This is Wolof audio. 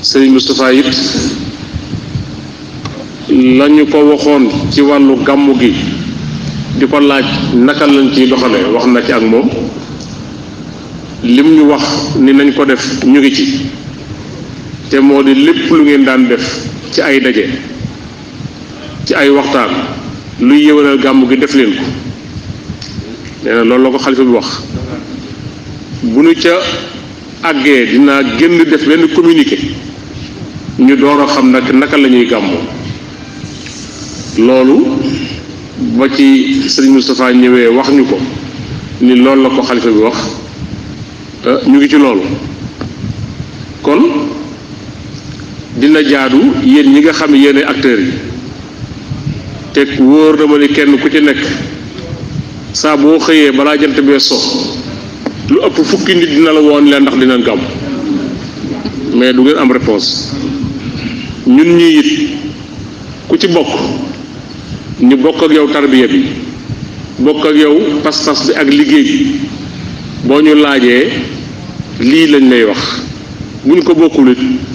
sëriñ Moustapha it lañu ko waxoon ci wàllu gàmmu gi di ko laaj naka lañ ciy doxale wax na ci ak moom lim ñu wax ni nañ ko def ñu ngi ci te moo di lépp lu ngeen daan def ci ay daje ci ay waxtaan luy yëwénal gàmmu gi def leen ko nee na la ko xalifa bi wax bu nu ca àggee dinaa génn def benn communiqué ñu door a xam nag naka la ñuy gàmmoo loolu ba ci sëñ Moustapha ñëwee wax ñu ko ni loolu la ko xalifa bi wax ñu ngi ci loolu kon dina jaadu yéen ñi nga xam yéene acteurs yi te wóor na ma ni kenn ku ci nekk saa boo xëyee balaa jant bee so lu ëpp fukki nit dina la woon leen ndax dinañ gàmm mais du ngeen am réponse ñun ñi it ku ci bokk ñu bokk ak yow tarbiya bi bokk ak yow pas-pas bi ak liggéey boo ñu laajee lii lañ lay wax bu ñu ko bokkul it